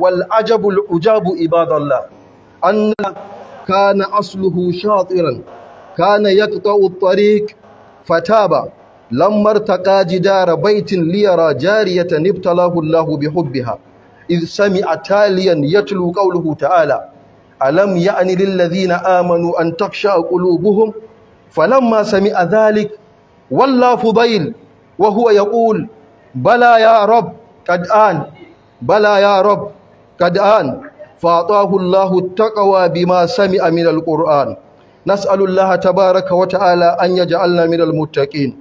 والعجب العجاب عباد الله أن كان أصله شاطرا كان يقطع الطريق فتاب لما ارتقى جدار بيت ليرى جارية ابتلاه الله بحبها إذ سمع تاليا يتلو قوله تعالى ألم يأن يعني للذين آمنوا أن تخشى قلوبهم فلما سمع ذلك ولا فضيل وهو يقول بلى يا رب قد آن بلى يا رب قدآن فأعطاه الله التقوى بما سمع من القرآن نسأل الله تبارك وتعالى أن يجعلنا من المتقين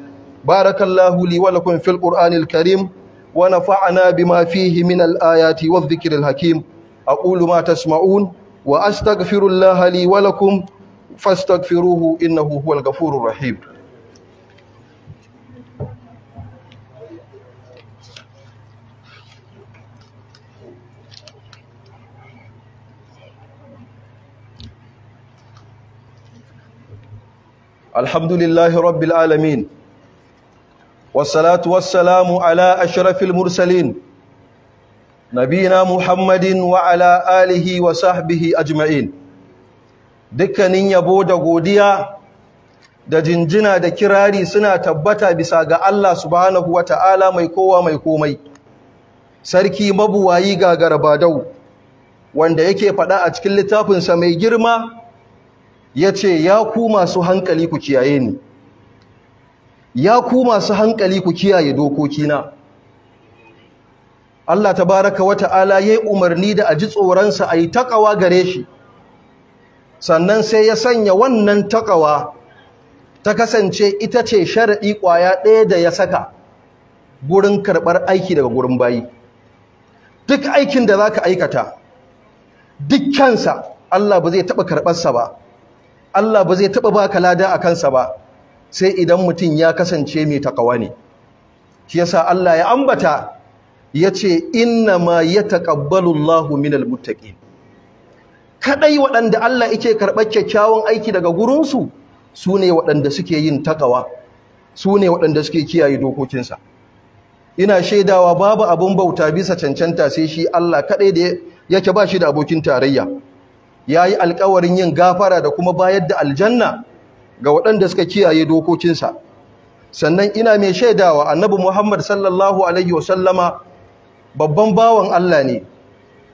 بارك الله لي ولكم في القرآن الكريم ونفعنا بما فيه من الآيات والذكر الحكيم أقول ما تسمعون وأستغفر الله لي ولكم فاستغفروه إنه هو الغفور الرحيم الحمد لله رب العالمين والصلاة والسلام على Nabina Muhammadin نبينا محمد alihi wa وصحبه ajma'in dukkanin yabo da godiya da jinjina da kirari suna tabbata bisa ga Allah subhanahu wa ta'ala mai kowa mai komai sarki mabuwayi ga garbadau wanda yake faɗa a cikin littafinsa mai girma ya ce ya ku masu hankali ku kiyaye ni ya ku masu hankali ku kiyaye dokokina Allah ta baraka wa ta'ala yi umarni da a ji tsoronsa a yi taƙawa gare shi sannan sai ya sanya wannan taƙawa ta kasance ita ce shari'i ƙwaya ɗaya da ya saka gurin karɓar aiki daga gurin bayi duk aikin da za ka aikata dukkansa Allah ba zai taɓa karɓarsa ba Allah ba zai taɓa baka lada a kansa ba sai idan mutum ya kasance mai takawa ne shi yasa Allah ya ambata ya ce inna ma ya taƙabbalu Allah minal mutaƙi kaɗai waɗanda Allah yake karɓar kyakkyawan aiki daga gurinsu su ne waɗanda suke yin takawa su ne waɗanda suke kiyaye dokokinsa ina shaidawa babu abin bauta bisa cancanta sai shi Allah kaɗai da yake ba shi da abokin tarayya ya yi alkawarin yin gafara da kuma bayar da aljanna ga waɗanda suka kiyaye dokokinsa sannan ina mai shaidawa annabi muhammad sallallahu alaihi wasallama babban bawan allah ne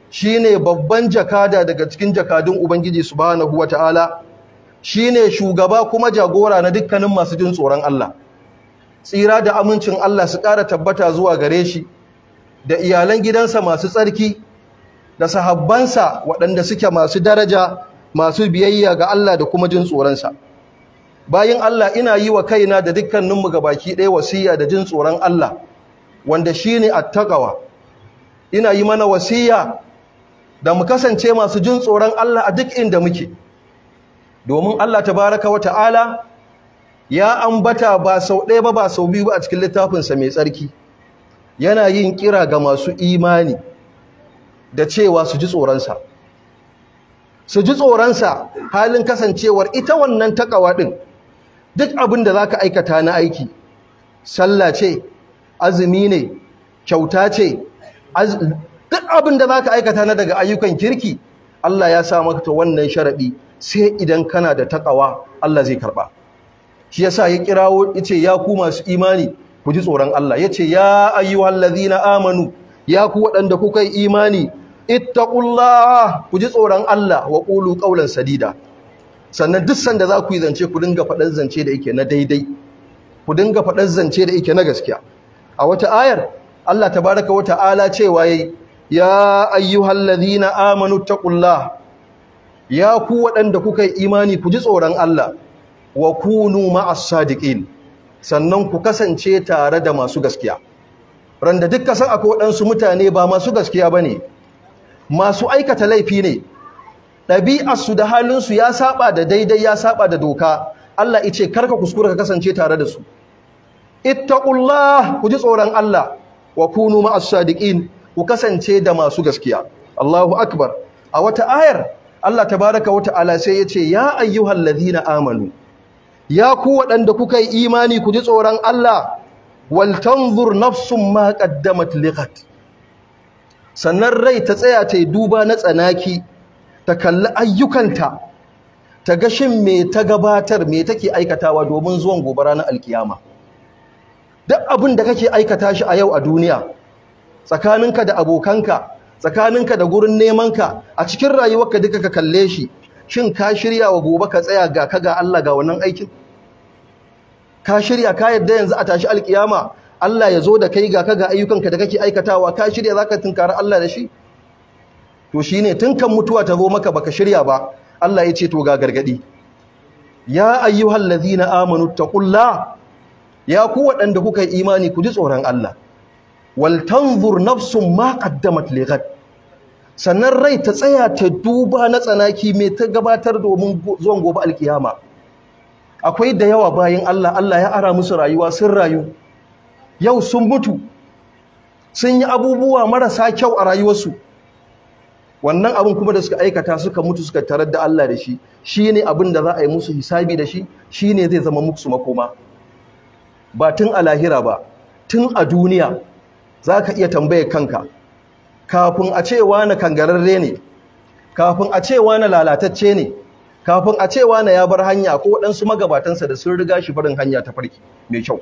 shi ne babban jakada daga cikin jakadun ubangiji subhanahu wa ta'ala shi ne shugaba kuma jagora na dukkanin masu jin tsoron allah tsira da amincin allah su ƙara tabbata zuwa gare shi da iyalan gidansa masu tsarki da sahabbansa waɗanda suke masu daraja masu biyayya ga Allah da kuma jin tsoronsa bayan Allah ina yi wa kaina da dukkaninmu ga baki ɗaya wasiya da jin tsoron Allah wanda shi ne attakawa. ina yi mana wasiya da mu kasance masu jin tsoron Allah a duk inda muke domin Allah tabaraka wa ta'ala ya ambata ba sau ɗaya ba ba sau biyu ba a cikin littafinsa mai tsarki yana yin kira ga masu imani da cewa su ji tsoronsa su ji tsoronsa halin kasancewar ita wannan takawa ɗin duk abin da za ka aikata na aiki sallah ce azumi ne kyauta ce duk abin da za ka aikata na daga ayyukan kirki Allah ya sa maka wannan sharaɗi sai idan kana da takawa Allah zai karɓa shi sa ya kirawo ce, ya ku masu imani ku ji tsoron Allah Ya ce, ya ayyuhallazina amanu ya ku waɗanda kuka yi imani ittaqullah ku ji tsoron Allah wa qulu qawlan sadida sannan duk sanda za ku yi zance ku dinga fadar zance da yake na daidai ku dinga fadar zance da yake na gaskiya a wata ayar Allah tabaraka wa ta'ala cewa yayi ya ayyuhallazina amanu taqullah ya ku waɗanda kuka yi imani ku ji tsoron Allah wa kunu ma'as sadiqin sannan ku kasance tare da masu gaskiya randa duk kasan akwai waɗansu mutane ba masu gaskiya bane masu aikata laifi ne ɗabi'arsu da halinsu ya saba da daidai ya saba da doka Allah ice karka kuskura ka kasance tare da su ittaqullah ku ji tsoron Allah wa kunu ma'as sadiqin ku kasance da masu gaskiya Allahu akbar a wata ayar Allah baraka wa ta'ala sai yace ya ayyuhallazina amanu ya ku waɗanda kuka yi imani ku ji tsoron Allah wal tanzur nafsum ma qaddamat liqat sannan rai ta tsaya ta yi duba na tsanaki ta kalli ayyukanta ta ga shin me ta gabatar me take aikatawa domin zuwan gobe ranar alkiyama duk abin da kake aikata shi a yau a duniya tsakaninka da abokanka tsakaninka da gurin nemanka a cikin rayuwarka duka ka kalle shi shin ka shirya wa gobe ka tsaya ga ka ga Allah ga wannan aikin ka shirya ka yadda yanzu a tashi alkiyama Allah ya zo da kai ga kaga ka da kake aikatawa ka shirya zaka tunkari Allah da shi to shine tunkan mutuwa ta zo maka baka shirya ba Allah ya ce to ga gargadi ya ayyuhal ladzina amanu taqulla ya ku waɗanda kuka yi imani ku ji tsoron Allah wal tanzur nafsun ma qaddamat li sannan rai ta tsaya ta duba na tsanaki mai ta gabatar domin zuwan gobe alkiyama akwai da yawa bayan Allah Allah ya ara musu rayuwa sun rayu yau sun mutu sun yi abubuwa marasa kyau a rayuwarsu wannan abin kuma da suka aikata suka mutu suka tarar da Allah da shi shi ne abin da za a yi musu hisabi da shi shi ne zai zama musu makoma ba tun a lahira ba tun a duniya za ka iya tambaye kanka kafin a cewa na kangararre ne kafin a cewa na lalatacce ne kafin a cewa na ya bar hanya ko waɗansu magabatansa da sun riga shi barin hanya ta farki mai kyau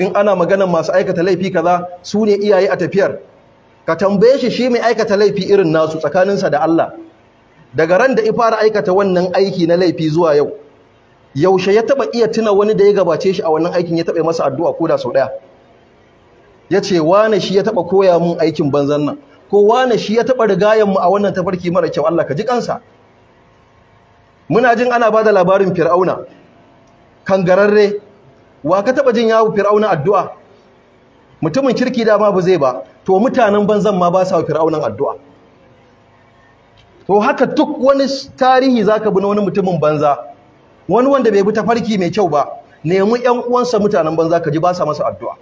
in ana maganan masu aikata laifi kaza su ne iyaye a tafiyar ka tambaye shi shi mai aikata laifi irin nasu tsakaninsa da Allah daga ran da ifara aikata wannan aiki na laifi zuwa yau yaushe ya taba iya tuna wani da ya gabace shi a wannan aikin ya taba masa addu'a ko da sau daya ya ce wane shi ya taba koya mun aikin banzan nan ko wane shi ya taba rigayen mu a wannan tafarki mara kyau Allah ka ji kansa muna jin ana bada labarin fir'auna kangararre wa ka taba jin yawo fir'auna addu'a mutumin kirki dama ba zai ba to mutanen banzan ma ba sa wa fir'aunan addu'a to haka duk wani tarihi zaka bi na wani mutumin banza wani wanda bai bi ta farki mai kyau ba nemi ƴan uwansa mutanen banza ka ji ba sa masa addu'a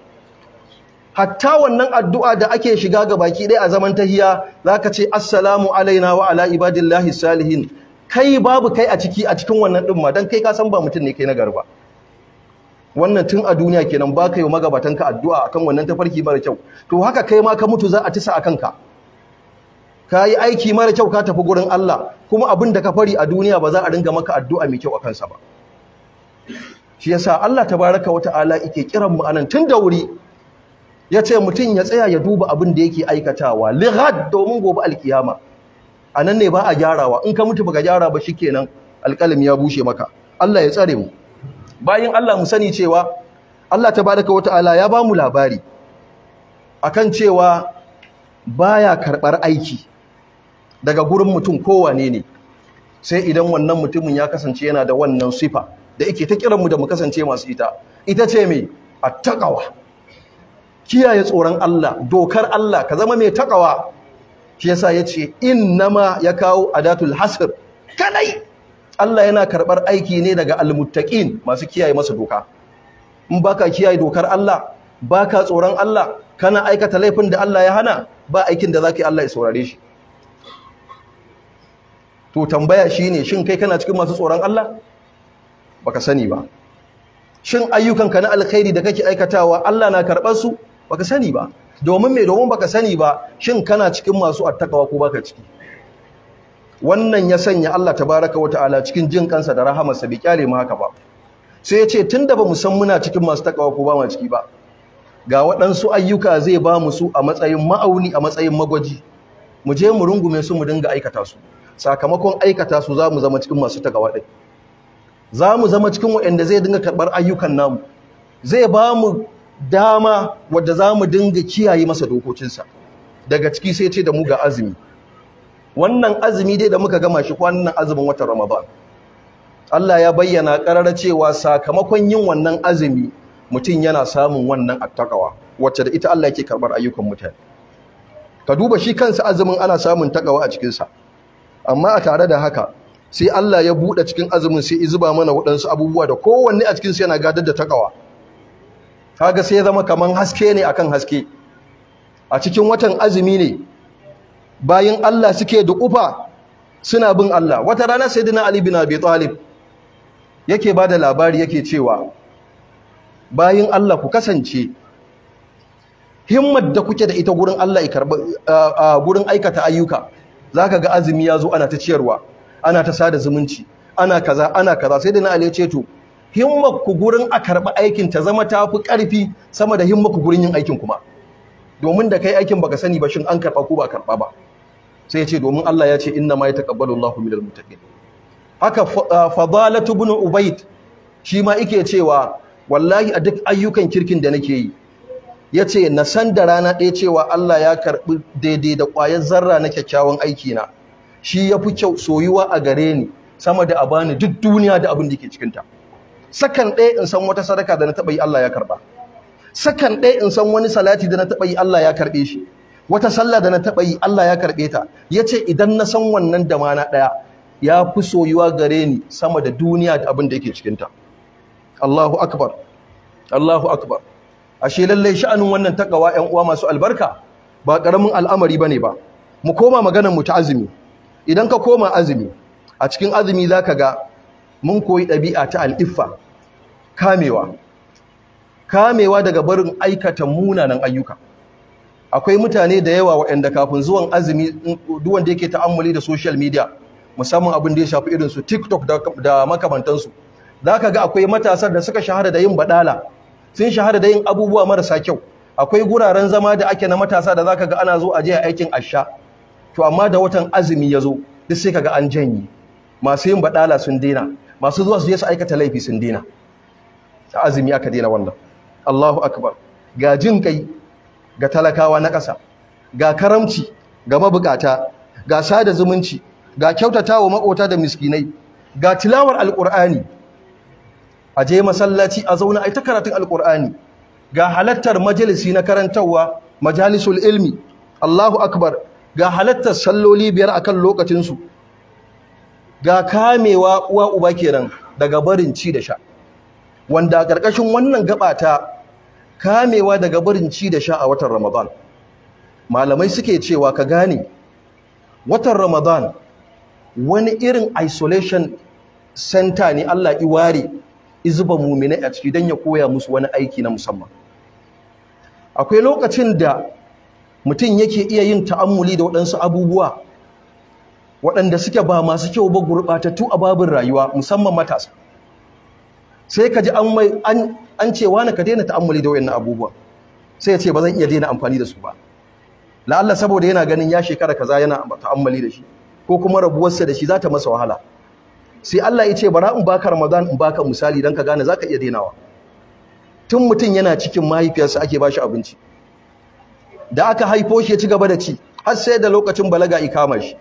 hatta wannan addu'a da ake shiga ga baki ɗaya a zaman tahiya zaka ce assalamu alaina wa ala ibadillahi salihin kai babu kai a ciki a cikin wannan din ma dan kai ka san ba mutum ne kai na garba wannan tun a duniya kenan ba ka yi ka addu'a a kan wannan tafarki mara kyau to haka kai ma ka mutu za a tisa a kanka ka yi aiki mara kyau ka tafi gurin Allah kuma abin da ka fari a duniya ba za a ringa maka addu'a mai kyau a kansa ba shi yasa Allah ta baraka wa ta'ala ike kiran mu anan tun da wuri Ya ce mutum ya tsaya ya duba abin da yake aikatawa lihad domin gobe alkiyama anan ne ba a gyarawa in ka mutu baka gyara ba shi kenan. Alkalin ya bushe maka Allah ya tsare mu bayan Allah mu sani cewa Allah ta tabaraka wata'ala ya ba mu labari akan cewa baya karɓar aiki daga gurin mutum kowane ne sai idan wannan mutumin ya kasance yana da wannan sifa da ike ta kiranmu da mu kasance masu ita ita ce mai attaqawa kiyaye tsoron Allah dokar Allah ka zama mai takawa shi yasa yace innama ya kawo adatul hasr kanai. Allah yana karɓar aiki ne daga almuttaqin masu kiyaye masa doka in baka kiyaye dokar Allah baka tsoron Allah kana aikata laifin da Allah ya hana ba aikin da zaka yi Allah ya saurare shi to tambaya shine shin kai kana cikin masu tsoron Allah baka sani ba shin ayyukanka na alkhairi da kake aikatawa Allah na karɓar su baka sani ba domin me domin baka sani ba shin kana cikin masu attakawa ko baka ciki wannan ya sanya Allah tabaraka wata'ala cikin jin kansa da rahamarsa bai kyale mu haka ba sai ya ce da ba mu san muna cikin masu takawa ko ba mu ciki ba ga waɗansu ayyuka zai ba mu su a matsayin ma'auni a matsayin magwaji mu je mu rungume su mu dinga aikata su sakamakon aikata su za mu zama cikin masu takawa ɗin za mu zama cikin waɗanda zai dinga karɓar ayyukan namu zai ba mu dama wadda za mu dinga kiyaye masa dokokinsa daga ciki sai ce da mu ga azumi wannan azumi dai da muka gama shi kwanan azumin watan Ramadan Allah ya bayyana karara cewa sakamakon yin wannan azumi mutum yana samun wannan attaqawa wacce da ita Allah yake karbar ayyukan mutane ka duba shi kansa azumin ana samun takawa a cikin amma a tare da haka sai Allah ya buɗe cikin azumin sai izuba mana waɗansu abubuwa da kowanne a cikin yana gadar da takawa kaga sai ya zama kaman haske ne akan haske a cikin watan azumi ne bayin Allah suke da ufa suna bin Allah wata rana sai dina Ali bin Abi Talib yake da labari yake cewa bayin Allah ku kasance himmat da kuke da ita gurin Allah gurin aikata ayyuka za ka ga azumi ya zo ana ta ciyarwa ana ta sada zumunci ana kaza ana kaza sai da na Ali ce to himmat ku gurin a karɓi aikin ta zama ta fi ƙarfi sama da himmat ku gurin yin aikin kuma domin da kai aikin baka sani ba shin an karɓa ko ba karɓa ba sai ya ce domin Allah ya ce inna ma yataqabbalu Allahu minal muttaqin haka ah, fadalatu ibn ubayd shi ma yake cewa wallahi a duk ayyukan kirkin da nake yi yace na san da rana ɗaya cewa Allah ya karbi daidai da ƙwayar zarra na kyakkyawan aiki na shi yafi kyau soyuwa a gare ni sama da a bani duk duniya da abin da ke cikin ta sakan ɗaya in san wata sadaka da na taɓa yi Allah ya karba sakan ɗaya in san wani salati da na taɓa yi Allah ya karɓe shi wata sallah da na taɓa yi Allah ya karɓe ta ya ce idan na san wannan da mana ɗaya ya fi soyuwa gare ni sama da duniya da abin da yake cikinta Allahu akbar Allahu akbar ashe lallai sha'anin wannan taƙawa 'yan uwa masu albarka ba ƙaramin al'amari ba ne ba mu koma maganar mu ta azumi idan ka koma azumi a cikin azumi zaka ga mun koyi ɗabi'a ta al'iffa kamewa kamewa daga barin aikata munanan ayyuka akwai mutane da yawa waɗanda kafin zuwan azumi duwan da yake ta'ammuli da social media musamman abin da ya shafi irin su TikTok da makamantansu zaka ga akwai matasa da suka shahara da yin badala sun shahara da yin abubuwa marasa kyau akwai guraren zama da ake na matasa da zaka ga ana zo a je aikin asha to amma da watan azumi ya zo duk sai kaga an janye masu yin badala sun daina masu zuwa su je su aikata laifi sun daina azumi aka daina wannan Allahu akbar ga jin kai ga talakawa na ƙasa ga karamci ga mabukata ga sada zumunci ga kyautatawa makota da miskinai ga tilawar alkur'ani a je masallaci a zauna a ta karatun alkur'ani ga halattar majalisi na karantarwa majalisul ilmi Allahu akbar ga halattar salloli biyar a kan lokacinsu, ga kamewa uwa uba kenan daga barin ci da sha wanda a ƙarƙashin wannan gaba ta kamewa daga barin ci da sha a watan Ramadan malamai suke cewa ka gane watan Ramadan wani irin isolation center ne Allah iware izuba mumina a ciki dan ya koya musu wani aiki na musamman akwai lokacin da mutum yake iya yin ta'ammuli da waɗansu abubuwa waɗanda suke ba masu kyau ba gurɓatattu a babin rayuwa musamman matasa sai ka ji an ce wani ka daina ta'ammuli da wayannan abubuwan sai ya ce ba zan iya daina amfani da su ba la'alla saboda yana ganin ya shekara kaza yana ta'ammali da shi ko kuma rabuwarsa da shi za ta masa wahala sai Allah ya ce bara in baka Ramadan in baka misali dan ka gane za ka iya dainawa tun mutum yana cikin mahaifiyarsa ake bashi abinci da aka haifo shi ya ci gaba da ci har sai da lokacin balaga kama shi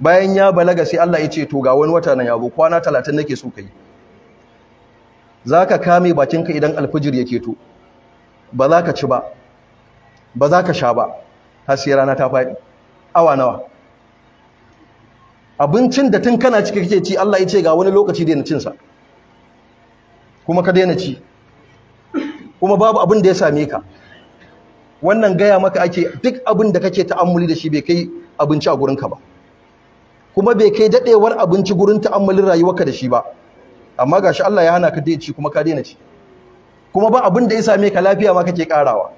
bayan ya balaga sai Allah ya ce to ga wani wata nan yabo kwana 30 nake so kai za ka kame bakinka idan alfijir ya keto ba za ka ci ba ba za ka sha ba har sai rana ta faɗi awa nawa abincin da tun kana ciki kake ci Allah ya ce ga wani lokaci daina cin sa kuma ka daina ci kuma babu abin da ya same ka wannan gaya maka ake duk abin da kake ta'ammuli da shi bai kai abinci a gurinka ba kuma bai kai dadewar abinci gurin ta'ammulin rayuwarka da shi ba amma gashi Allah ya hana ka dai ci kuma ka daina ci kuma ba abin da ya same ka lafiya ma kake karawa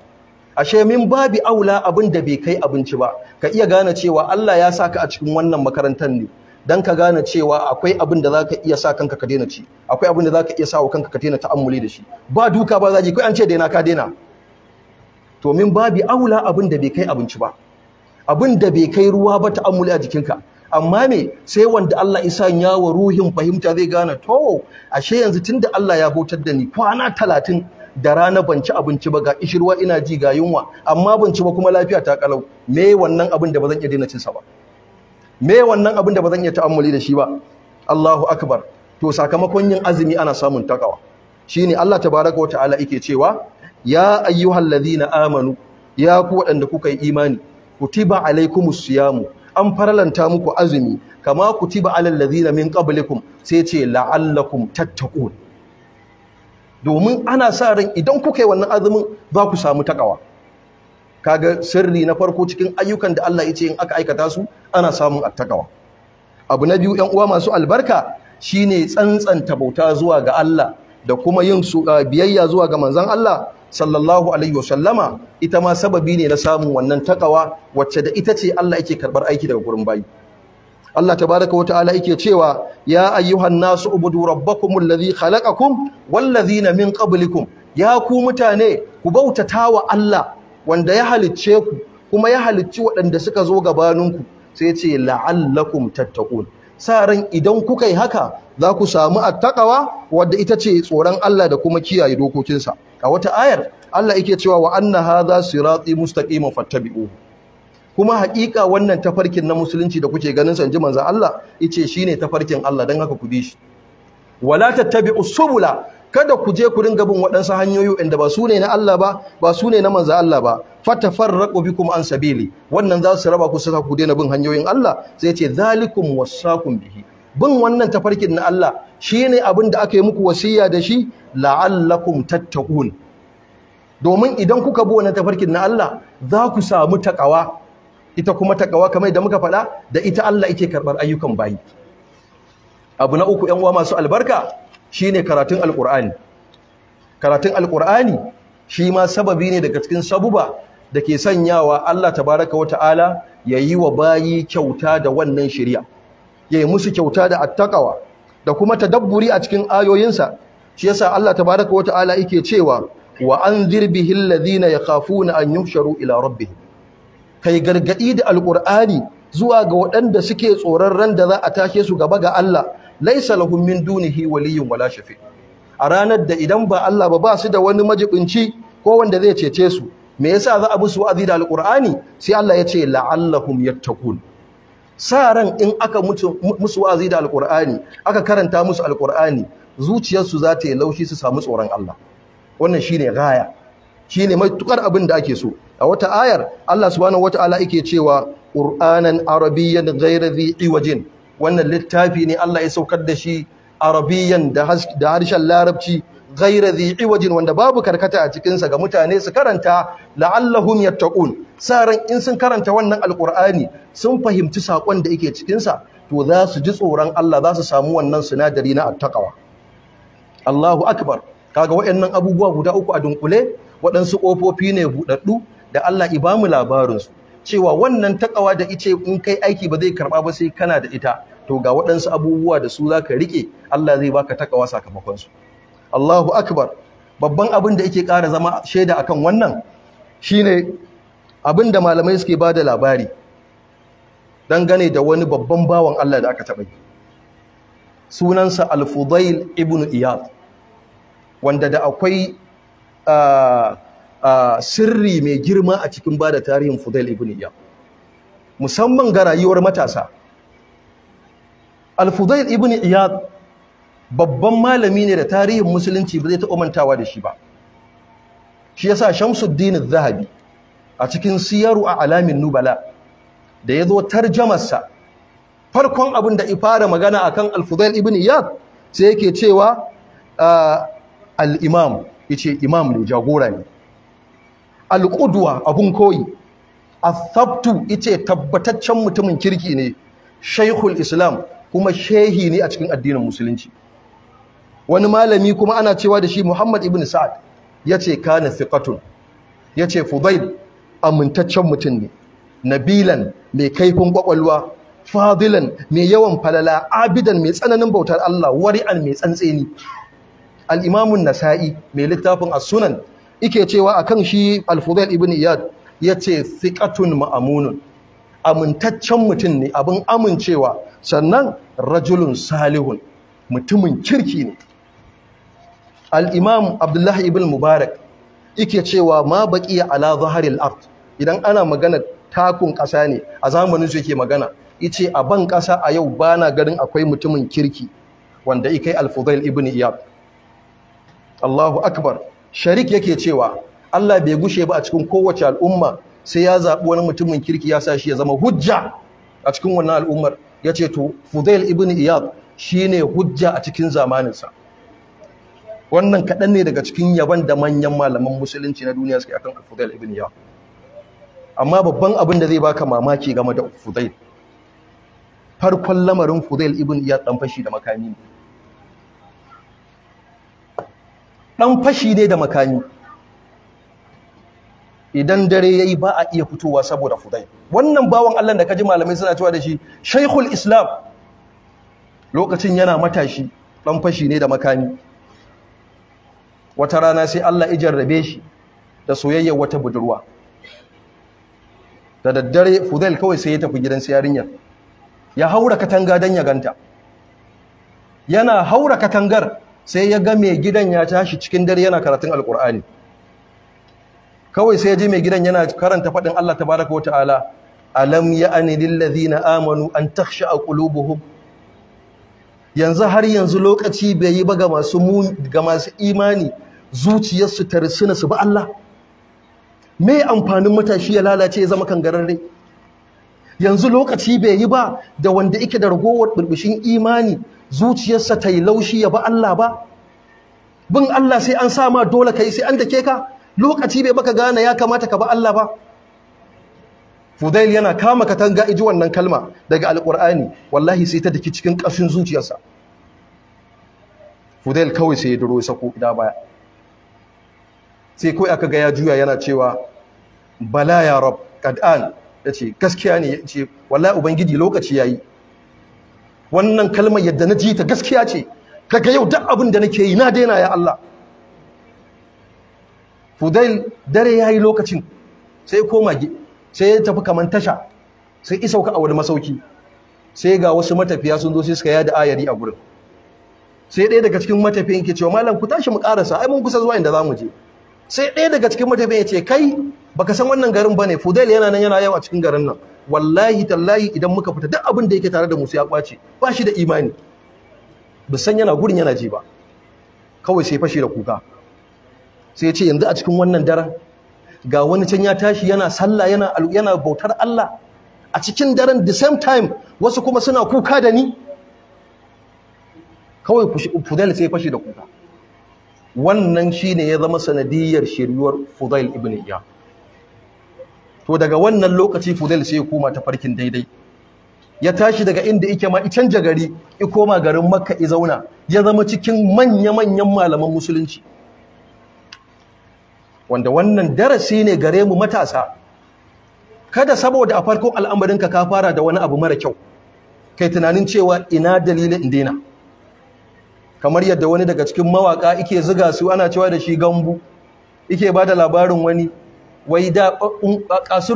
ashe min babi aula abin da bai kai abinci ba ka iya gane cewa Allah ya saka a cikin wannan makarantar ne dan ka gane cewa akwai abin da zaka iya sa kanka ka daina ci akwai abin da zaka iya sa kanka ka daina ta'ammuli da shi ba duka ba zaji kai an ce daina ka daina to min babi aula abin da bai kai abinci ba abin da bai kai ruwa ba ta'ammuli a jikinka amma me sai wanda Allah isa ya wa ruhin fahimta zai gane to ashe yanzu tunda Allah ya bautar da ni kwana talatin da rana ban ci abinci ba ga ishirwa ina ji ga yunwa amma ban ci ba kuma lafiya ta kalau me wannan abin da ba iya daina cin sa ba me wannan abin da ba zan iya ta'ammuli da shi ba Allahu akbar to sakamakon yin azumi ana samun takawa shine Allah tabaraka wataala yake cewa ya ayyuhallazina amanu ya ku waɗanda kuka yi imani kutiba alaikumus siyamu an faralanta muku azumi kama kutiba alal ladina min qablikum sai ce la'allakum tattaqun domin ana sa ran idan kuka yi wannan azumin za ku samu takawa kaga sirri na farko cikin ayyukan da Allah yace in aka aikata su ana samun attakawa abu na biyu ƴan uwa masu albarka shine tsantsanta bauta zuwa ga Allah da kuma yin su ah, biyayya zuwa ga manzon Allah sallallahu alaihi sallama, ita ma sababi ne na samun wannan takawa wacce da ita ce Allah yake karbar aiki daga gurin bayi Allah tabaraka wa ta'ala yake cewa ya ayyuhan nasu ubudu rabbakumullazi, ladhi khalaqakum wallazina min qablikum ya ku mutane ku bautata wa Allah wanda ya halicce ku kuma ya halicci waɗanda suka zo gabaninku sai ya ce la'allakum tattaqun sa ran idan kuka yi haka za ku samu attaqawa wadda ita ce tsoron Allah da kuma kiyaye dokokinsa a wata ayar Allah yake cewa wa anna hadha sirati mustaqiman fattabi'uhu kuma haƙiƙa wannan tafarkin na musulunci da kuke ganin sanji manzo Allah yace shine tafarkin Allah dan haka ku bi shi wala tattabi'u subula kada ku je ku ringa bin waɗansu hanyoyi inda ba su ne na Allah ba ba su ne na manzo Allah ba fatafarraqu bikum an sabili wannan za su raba ku saka ku daina bin hanyoyin Allah sai ce zalikum wasaqum bihi bin wannan tafarkin na Allah shine abin da aka yi muku wasiya da shi la'allakum tattaqun domin idan kuka bi wannan tafarkin na Allah za ku samu takawa ita kuma takawa kamar da muka faɗa da ita Allah yake karɓar ayyukan bayi abu na uku ƴan uwa masu albarka shine karatun alqur'ani karatun alqur'ani shi ma sababi ne daga cikin sabuba da ke sanyawa Allah tabaraka wa ta'ala ya yi wa bayi kyauta da wannan shari'a ya yi musu kyauta da attakawa da kuma tadabburi a cikin ayoyinsa shi yasa Allah tabaraka wa ta'ala yake cewa wa anzir bihi alladhina yakhafuna an yusharu ila rabbihim kai gargadi da alqur'ani zuwa ga waɗanda suke tsoron ran da za a tashe su gaba ga Allah laisa lahum min dunihi waliyyun wala shafi a ranar da idan ba Allah ba ba su da wani majibinci ko wanda zai cece su me yasa za a bi su wa'azi da alqur'ani sai Allah ya ce la'allahum yattaqun sa ran in aka musu wa'azi da alkur'ani aka karanta musu alkur'ani zuciyarsu za ta yi laushi su samu tsoron Allah wannan shine gaya shine matukar abin da ake so a wata ayar Allah subhanahu wataala yake cewa qur'anan arabiyyan ghayra dhi iwajin wannan littafi ne Allah ya saukar da shi Arabiyyan da harshen larabci ghayra dhi'i iwajin wanda babu karkata a cikin sa ga mutane su karanta la'allahum yattaqun saran in sun karanta wannan alqur'ani sun fahimci sakon da yake cikin sa to za su ji tsoron Allah za su samu wannan sinadari na attaqwa Allahu akbar kaga waɗannan abubuwa guda uku a dunkule waɗansu kofofi ne budaddu da Allah ibamu labarin su cewa wannan takawa da ice in kai aiki ba zai karba ba sai kana da ita to ga waɗansu abubuwa da su zaka rike Allah zai baka takawa sakamakon su Allahu akbar babban abin da yake ƙara zama shaida akan wannan shine abin da malamai suke bada labari labari dangane da wani babban bawan Allah da aka taba yi sunansa al-fudail ibn iyad wanda da akwai sirri mai girma a cikin bada tarihin fudail ibn iyad musamman ga rayuwar matasa al-fudail ibn iyad babban malami ne da tarihin musulunci ba zai taɓa mantawa da shi ba shi yasa Shamsuddin Zahabi a cikin siyaru a alamin nubala da ya zo tarjamarsa farkon abin da ifara magana akan kan fudail ibn Iyad sai yake cewa ah, Al'imam. imam yace imam ne jagora ne al-Qudwa abun koyi a thabtu yace tabbataccen mutumin kirki ne Shaykhul Islam kuma shehi ne a cikin addinin musulunci wani malami kuma ana cewa da shi Muhammad ibn Sa'ad yace kana thiqatun yace Fudayl amintaccen mutum ne nabilan mai kaifin kwakwalwa fadilan mai yawan falala abidan mai tsananin bautar Allah wari'an mai tsantseni al-Imam nasai mai littafin as-Sunan yake cewa akan shi al-Fudayl ibn Iyad yace thiqatun ma'amunun amintaccen mutum ne abin amincewa sannan rajulun salihun mutumin kirki ne al-imam abdullahi ibn mubarak ike cewa ma baqiya ala zaharil art idan ana magana takun ƙasa ne a zamanin su yake magana ice a ban ƙasa a yau bana garin akwai mutumin kirki wanda ikai al ibn iyad Allahu akbar sharik yake cewa Allah bai gushe ba a cikin kowace al'umma sai ya zaɓi wani mutumin kirki ya sa shi ya zama hujja a cikin wannan al'ummar ya ce to fudail ibn iyad shine hujja a cikin zamaninsa wannan kaɗan ne daga cikin yaban da manyan malaman musulunci na duniya suke akan Fudail ibn Iyad amma babban abin da zai baka mamaki game da Fudail farkon lamarin Fudail ibn Iyad dan fashi da makami dan fashi ne da makami idan dare yayi ba a iya fitowa saboda Fudail wannan bawan Allah da kaji malamai suna cewa da shi Shaykhul Islam lokacin yana matashi dan fashi ne da makami wata rana sai Allah ya jarrabe shi da soyayyar wata budurwa da daddare fudel kawai sai ya tafi gidan siyarinyar ya haura katanga dan ya ganta yana haura katangar sai ya ga mai gidan ya tashi cikin dare yana karatun alkur'ani kawai sai ya je mai gidan yana karanta faɗin Allah tabaraka wa ta'ala alam ya'ani lillazina amanu an takhsha qulubuhum yanzu har yanzu lokaci bai yi ba ga masu imani zuciyarsu ta risuna su ba Allah me amfanin matashi ya lalace ya zama kangararre yanzu lokaci bai yi ba da wanda yake da ragowar burbushin imani zuciyarsa ta yi laushi ya ba Allah ba bin Allah sai an sama dole kai sai an dake ka lokaci bai baka gane ya kamata ka ba Allah ba Fudail yana kama katanga iji wannan kalma daga alƙur'ani wallahi sai ta daki cikin ƙashin zuciyarsa Fudail kawai sai ya duro sako ida baya sai kawai aka ga ya juya yana cewa bala ya rab kad'an ya ce gaskiya ne ya ce wallahi ubangiji lokaci ya yi wannan kalmar yadda na ji ta gaskiya ce kaga yau duk abin da nake yi na daina ya Allah fudail dare ya yi lokacin sai koma sai ya tafi kaman tasha sai isauka a wani masauki sai ga wasu matafiya sun zo sai suka yada ayari a gurin sai ɗaya daga cikin matafiyan ke cewa malam ku tashi mu ƙarasa ai mun kusa zuwa inda za mu je sai ɗaya daga cikin mutane ya ce kai baka san wannan garin ba bane fudail yana nan yana yau a cikin garin nan wallahi tallahi idan muka fita duk abin da yake tare da musu ya kwace ba shi da imani san yana gurin yana ji ba kawai sai fashe da kuka sai ya ce yanzu a cikin wannan daren ga wani can ya tashi yana sallah yana yana bautar Allah a cikin daren the same time wasu kuma suna kuka da ni kawai fudail sai fashe da kuka wannan shine ya zama sanadiyar shiryuwar Fudail ibn Iyad to daga wannan lokaci Fudail sai ya koma ta farkin daidai ya tashi daga inda yake ma i gari i koma garin Makka i zauna ya zama cikin manya-manyan malaman musulunci wanda wannan darasi ne gare mu matasa kada saboda a farkon al'amarinka ka fara da wani abu mara kyau kai tunanin cewa ina dalilin daina kamar yadda wani daga cikin mawaka ike ziga su ana cewa da shi gambu ike ba da labarin wani wai da um,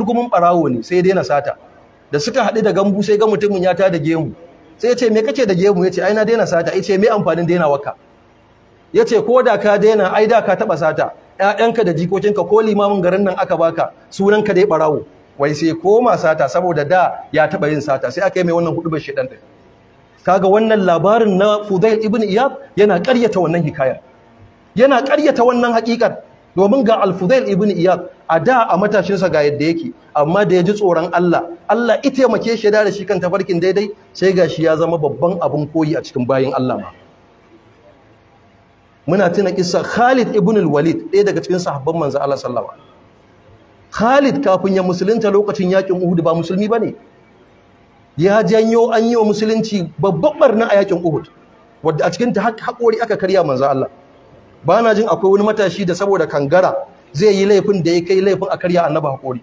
gumin barawo ne sai daina sata da suka haɗu da gambu sai ga mutumin ya ta da gemu sai ya ce me kake da gemu ya ce ai na daina sata ya ce me amfanin daina waka ya ce ko da ka daina ai da ka taɓa sata ‘ya'yanka da jikokinka ko limamin garin nan aka baka sunanka dai ɓarawo wai sai koma sata saboda da ya taɓa yin sata sai aka yi mai wannan hudu bashi ɗan ɗin kaga wannan labarin na Fudail ibn Iyad yana ƙaryata wannan hikayar yana ƙaryata wannan haƙiƙar domin ga Al-Fudail ibn Iyad a da a matashinsa ga yadda yake amma da ya ji tsoron Allah Allah ya make shi da shi kan tafarkin daidai sai gashi ya zama babban abin koyi a cikin bayin Allah ma muna tuna kissa Khalid ibn al-Walid ɗaya daga cikin sahabban manzo Allah sallallahu alaihi Khalid kafin ya musulunta lokacin yakin Uhud ba musulmi bane ya janyo an yi wa musulunci babban barna a yakin Uhud wadda a cikin ta haƙori aka karya manzo Allah ba na jin akwai wani matashi da saboda kangara zai yi laifin da ya kai laifin a karya annaba haƙori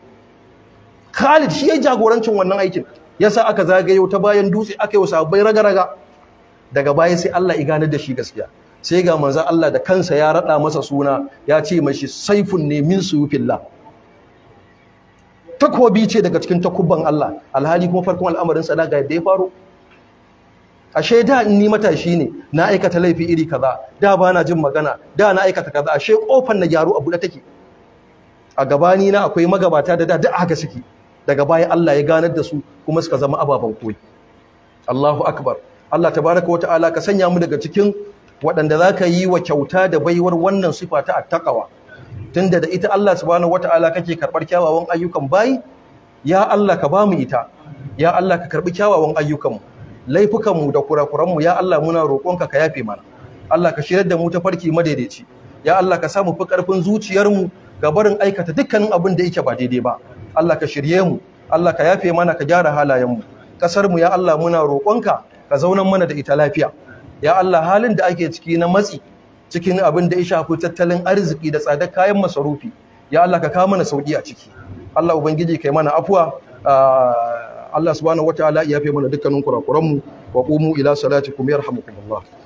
Khalid shi ya jagorancin wannan aikin yasa aka zagayo ta bayan dutse aka yi sabai raga-raga daga baya sai Allah ya gane da shi gaskiya sai ga manzo Allah da kansa ya rada masa suna ya ce mashi saifun ne min suyufillah takobi ce daga cikin takubban Allah alhali kuma farkon al'amarin sa ga yadda ya faru. ashe da in ni matashi ne na aikata laifi iri kaza da ba na jin magana da na aikata kaza ashe kofar na gyaru a buɗe take a gabani na akwai magabata da da duk haka suke daga baya Allah ya ganar da su kuma suka zama ababan koyi Allahu akbar Allah tabaraka wataala ka sanya mu daga cikin waɗanda za ka yi wa kyauta da baiwar wannan sifa ta attaqwa tunda da ita Allah wata wataala kake karbar kyawawan ayyukan bayi ya Allah ka bamu ita ya Allah ka karbi kyawawan ayyukan Laifukanmu da kurakuran mu ya Allah muna roƙonka ka yafe mana Allah ka shirar da mu ta farki madaidaici ya Allah ka samu fi karfin zuciyar ga barin aikata dukkanin abin da yake ba daidai ba Allah ka shirye mu Allah ka yafe mana ka gyara halayen mu kasar mu ya Allah muna roƙonka ka zaunan mana da ita lafiya ya Allah halin da ake ciki na matsi cikin abin da ya shafi tattalin arziki da tsadar kayan masarufi ya Allah ka kawo mana sauki a ciki Allah ubangiji kai mana afuwa ah, Allah subhanahu wataala ya fi mana dukkanin kurakuranmu wa qumu ila salatikum yarhamukumullah